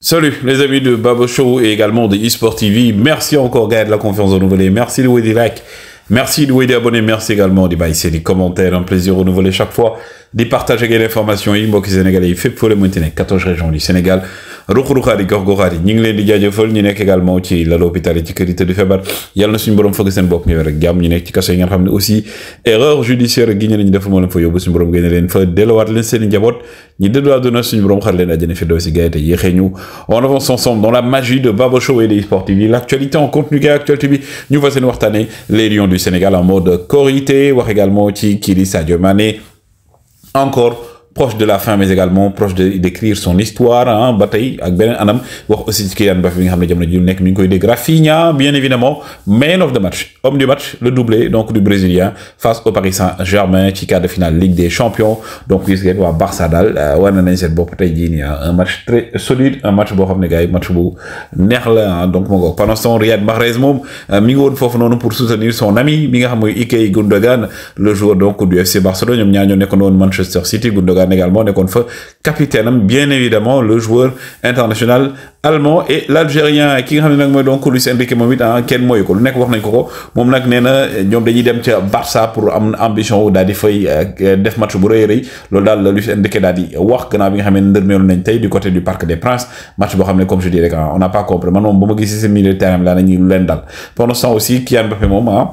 Salut les amis de Babo Show et également de eSport TV. Merci encore gars de la confiance renouvelée. Merci de louer des likes. Merci de louer des abonnés. Merci également des baisser des commentaires. Un plaisir renouvelé chaque fois. Des partages et des informations. Inbox sénégalais. Fait pour le 14 régions du Sénégal ruq-ruqaat yi gox-goxaat leen di jajeufal ñu nekk également ci lal hôpital ci kër du feebar yalla na suñu borom fogg seen bokk ñëwee rek jam ñu nekk ci kaso yi nga xamni aussi erreur judiciaire gi ñu leen def mo leen fa yóbbu suñu borom génne leen fa delluwaat leen seen i ñi ñu dëddu àdduna suñu borom xar leen àjjana fi doo si yexé ñu on avance ensemble dans la magie de Babo Show et des sports TV l'actualité en contenu kay actualité tv ñu fa seen waxtaane les lions du Sénégal en mode korité wax également ci kii di Sadio Mané encore proche de la fin mais également proche de d'écrire son histoire ah hein. bataille tey ak beneen anam wax aussi ci Kylian Mbappé bi nga xamné ne jamono ji mi ngi koy dégg bien évidemment man of the match homme du match le doublé donc du brésilien face au Paris Saint-Germain ci quart de finale Ligue des champions donc gis ngeen waa Barça dal euh, war na nañ seen bopp tey jii hein. un match très solide un match boo xam ne gars match bu neex la hein. donc moo ko pendant son temps Riyad Mahrez euh, mi ngi pour soutenir son ami mi nga xam moy Ilkay Gundogan le joueur donc du FC Barcelone ñoom ñaar ñoo non Manchester City Gundogan également nekkoon confort capitaine bien évidemment le joueur international allemand et l'algérien qui a donc lui Enrique moom it ah kenn mooy ko lu nekk wax nañ ko ko moom nag nee na dañuy dem ci Barça pour am ambition ou daal di fay euh, def match bu reuy reuy loolu dal lui Luis Enrique daal di wax gannaaw bi nga xamé ne nañ tay du côté du Parc des Princes match bo xamné comme je disais rek ah, on n'a pas compris man bon ba ma ce milieu de terrain la daal nañu leen dal pendant aussi Kylian Mbappé mom ah,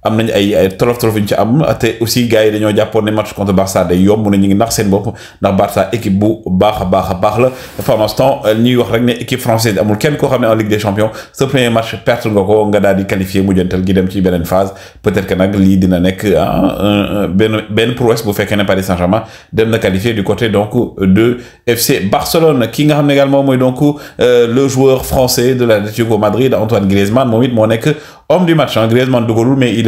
am nañ ay ay tolof tolof ñu ci am te aussi gars yi dañoo jàppoon ne match contre Barça day yomb na ñu ngi nax seen bopp ndax Barça équipe bu baax a baax a baax la pendant ce temps euh, ñuy wax rek ne équipe française amul kenn koo xam ne en Ligue des Champions ce premier match perte nga ko nga daal di qualifié mujjantal gi dem ci beneen phase peut-être que nag lii dina nekk hein, benn benn prouesse bu fekkee ne Paris Saint-Germain dem na qualifié du côté donc de FC Barcelone ki nga xam ne également mooy donc euh, le joueur français de la l'Atlético Madrid Antoine Griezmann moom it moo nekk homme du match hein. Griezmann dugalul mais il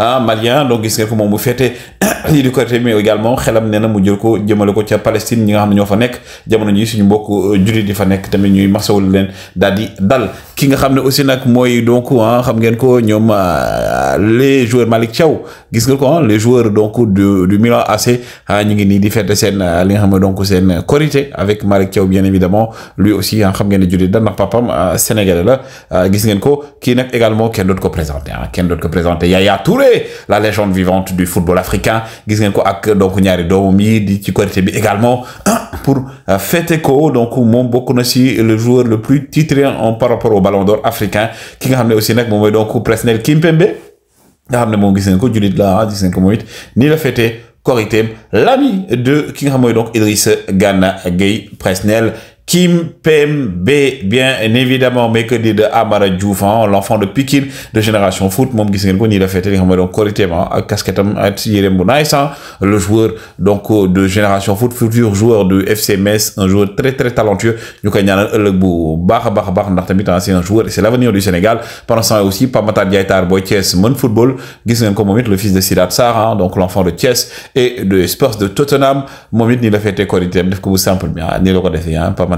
ah malien donc gis nga ko moom mu féete lii di côté mais également xelam nee mu jël ko jëmale ko ca Palestine ñi nga xam ño fa nek jamono ji suñu mbokk euh, jullit di fa nek tamit ñuy masawul len daal di dal ki nga xamne aussi nak moy donc ah xam ngeen ko ñom euh, les joueurs Malick Thiaw gis nga ko ah, les joueurs donc du du Milan AC ah ngi ni di fête sen euh, li nga xamne donc sen corité avec Malick Thiaw bien évidemment lui aussi ah xam ngeen ne jullit dal ndax papam sénégalais la gis ngeen ko ki nak également kenn doot ko présenter ah kenn ko présenter Yaya Touré la légende vivante du football africain gis ngeen ko ak donc ñaari doomam yi di ci bi également pour euh, fêter ko donc mon bokk na le joueur le plus titré en par rapport au ballon d'or africain ki nga xam aussi nak donc Presnel Kimpembe nga xam ne moom gis ngeen ko julit la ah gis ngeen la l'ami de ki nga donc Idriss Gana Gay Presnel Kim Pembe, bien évidemment, dit de Amara Diouf, hein, l'enfant de Pikin de Génération Foot, mon gis ngeen ko a la fête donc correctement casquette am le joueur donc euh, de Génération Foot futur joueur de FC Metz un joueur très très talentueux ñu koy ñaanal bu a baax ndax tamit hein, c'est un joueur et c'est l'avenir du Sénégal pendant ce temps aussi Pamata Matar Mon Boy mon football gis ngeen le fils de Sira Sarr hein, donc l'enfant de Thiès et de Spurs de Tottenham moom it nii la fête correctement def ko simple bien nii la hein, defee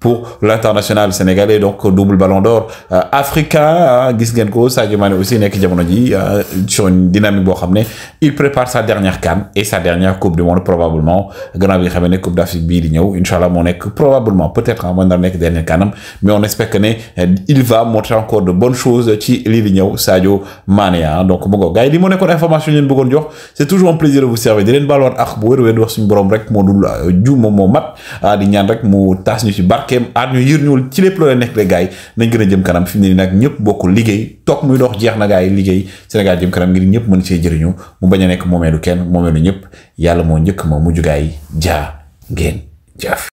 pour l'international sénégalais donc double ballon d'or euh, africain hein. gis ngeen ko Sadio Mané aussi nekk jamono ji euh, sur une dynamique bo xamné il prépare sa dernière CAN et sa dernière coupe du monde probablement grand bi xamné coupe d'Afrique bi di ñëw inshallah mo probablement peut-être hein, mën na dernière canne mais on espère que né euh, il va montrer encore de bonnes choses ci li di Sadio Mané hein. donc mon gars yi li mo nekkoon information yi bëggon jox c'est toujours un plaisir de vous servir di len baal waat ak bu wér-wér wax suñu borom rek mo dul ju mo moo mat ah, di ñaan rek mu taas ñu ci barke barkeem aat ci lépp loolee nekk de gars yi nañ gën a jëm kanam fi mu ne nii nag ñëpp bokk liggéey toog muy dox jeex na gars yi liggéey Sénégal jëm kanam ngir ñëpp mën see jëriñu mu bañ a nekk moomeelu kenn moomeelu ñëpp yàlla moo njëkk ma mujj gars yi jaa ngeen jaaf